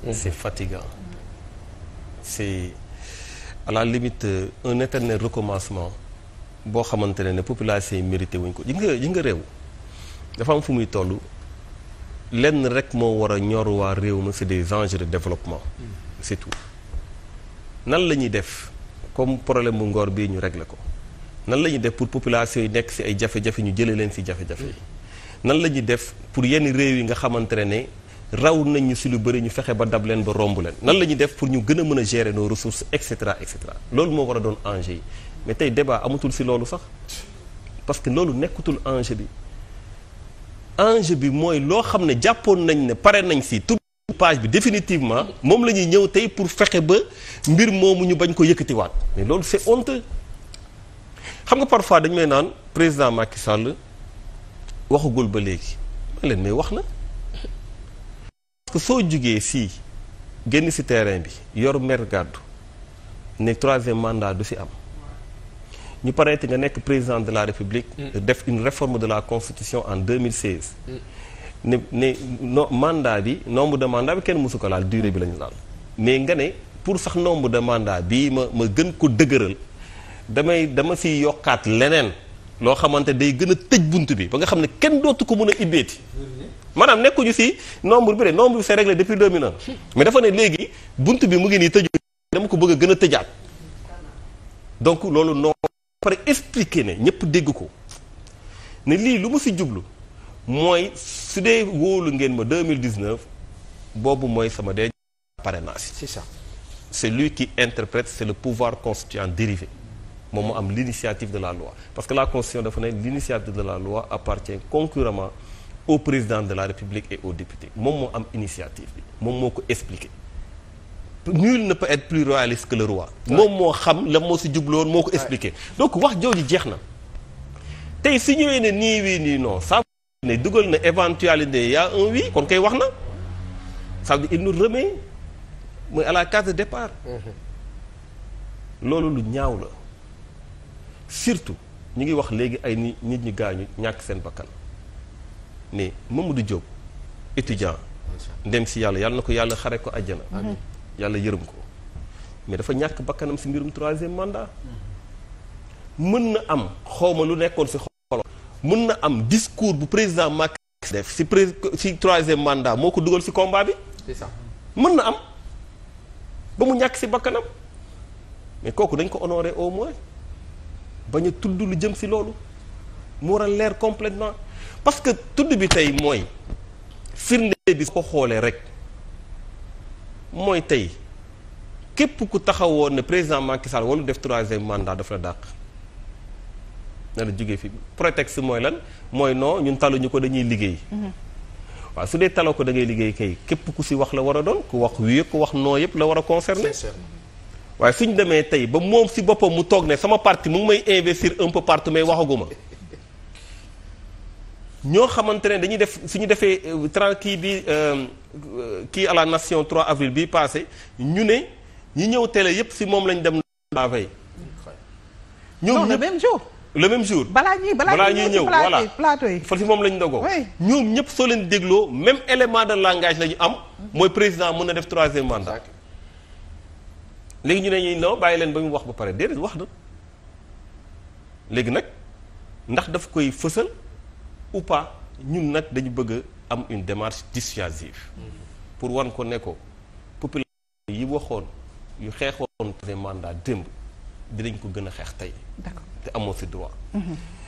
Mm-hmm. c'est fatigant c'est à la limite euh, un éternel recommencement boo xamante ne ne population yi mérité wuñ ko yi nga yi nga réew dafa am fu muy toll lenn rek moo war a ñor waa réew ma c'est des enjeux de développement mm-hmm. c'est nan la ñuy def comme problème bu ngoor bii ñu regle ko nan la ñuy def pour population yi nekk ci ay jafe-jafe ñu jëlee leen ci jafe-jafe yi mm-hmm. nan la ñuy def pour yenn réew yi nga xamante ne raw nañ ñu si lu bëri ñu fexe ba dab leen ba romb leen nan la ñuy def pour ñu gën a mën a gérer nos ressources et cetera et cetera loolu moo war a doon enjeu yi mais tey débat amatul si loolu sax parce que loolu nekkatul enjeu bi enjeu bi mooy loo xam ne jàppoon nañ ne pare nañ si tout page bi définitivement moom la ñuy ñëw tey pour fexe ba mbir moomu ñu bañ ko yëkkatiwaat mais loolu c'est honteux xam nga parfois dañ may naan président Macky Sall waxagul ba léegi ma leen wax na que soo jugee fii génn si terrain bi yor mer gàddu ne troisième mandat du si am ñu pareeti nga nekk président de la république. Mm. def une réforme de la constitution en 2016. Mm. ne ne no mandat bi nombre de mandat bi kenn mësu ko laal durée bi la ñu laal. mais nga ne pour sax nombre de mandat bii ma ma gën ko dëgëral damay dama si yokkaat leneen loo xamante day gën a tëj bunt bi ba nga xam ne kenn dootu ko mën a ibbeeti. maanaam nekkuñu si nombre bi de nombre bi c'est réglé depuis 2001 mais dafa ne léegi bunt bi mu ngi nii tëju dama ko bëgg a gën a tëjaat donc loolu noonu pare expliquer ne ñëpp dégg ko ne lii lu mu si jublu mooy su dee wóolu ngeen ma mille 2019 boobu mooy sama dee parrainage c'est ça c'est lui qui interprète c'est le pouvoir constituant dérivé moom moo am l'initiative de la loi parce que la constitution dafa ne l'initiative de la loi appartient concurremment au président de la République et moom moo am initiative bi moom moo ko expliqué nul ne peut être plus royaliste que le roi moom moo xam la moo si jubloon moo ko expliqué donc wax jooju jeex na tey su ñëwee ne nii wii nii non ça ne dugal na éventualité y'a un oui kon kay wax na ça veut dire il nous remet mooy à la case de départ mm-hmm. loolu lu ñaaw la surtout ñu ngi wax léegi ay nit ñi gaañu ñàkk seen bakkan ne Mamadou jóg étudiant ndem si yàlla yàlla na ko yàlla xare ko àjjana yàlla yërëm ko mais dafa ñàkk bakkanam si mbirum troisième mandat mën na am xawma lu nekkoon si xolo mën na am discours bu président Macky def si pré si troisième mandat moo ko dugal si combat bi c'est mën na am ba mu ñàkk si bakkanam mais kooku dañ ko honoré au moins bañ a tudd lu jëm si loolu mu war a leer completement parce que tudd bi tey mooy firnde bi ko xoolee rek mooy tey képp ku taxawoon ne président Macky Sall walu def troisième mandat daf la dàq na la jógee fi prétexte mooy lan mooy noo ñun taluñu ko dañuy liggéey mm-hmm. waaw su dee taloo ko dangay liggéey kay képp ku si wax la war a doon ku wax wii ku wax noo yëpp la war a concerner waaye suñ demee tey ba moom si boppam mu toog ne sama parti mu ngi may investir un peu partout mais waxaguma ñoo xamante ne dañuy def suñu defee euh, tran kii bi euh, kii à nation trois avril bi passé ñu ne ñi ñëw télé yépp si moom lañu dem la veille ñoom le même jour le même jour balaa ñuy balaa ñuy ñëw voilà plateau yi fa si moom lañ dogoo ñoom ñëpp soo leen dégloo même élément de langage la ñu am mooy président mën na def troisième mandat léegi ñu ne ñuy non bàyyi leen ba mu wax ba pare déedéet wax na léegi nag ndax daf koy fësal ou pas ñun nag dañu bëgg am une démarche dissuasive pour wan ko ne ko population yi waxoon yu xeexoon troisième mandat démb dinañ ko gën a xeex tey te amoo si droit mhm.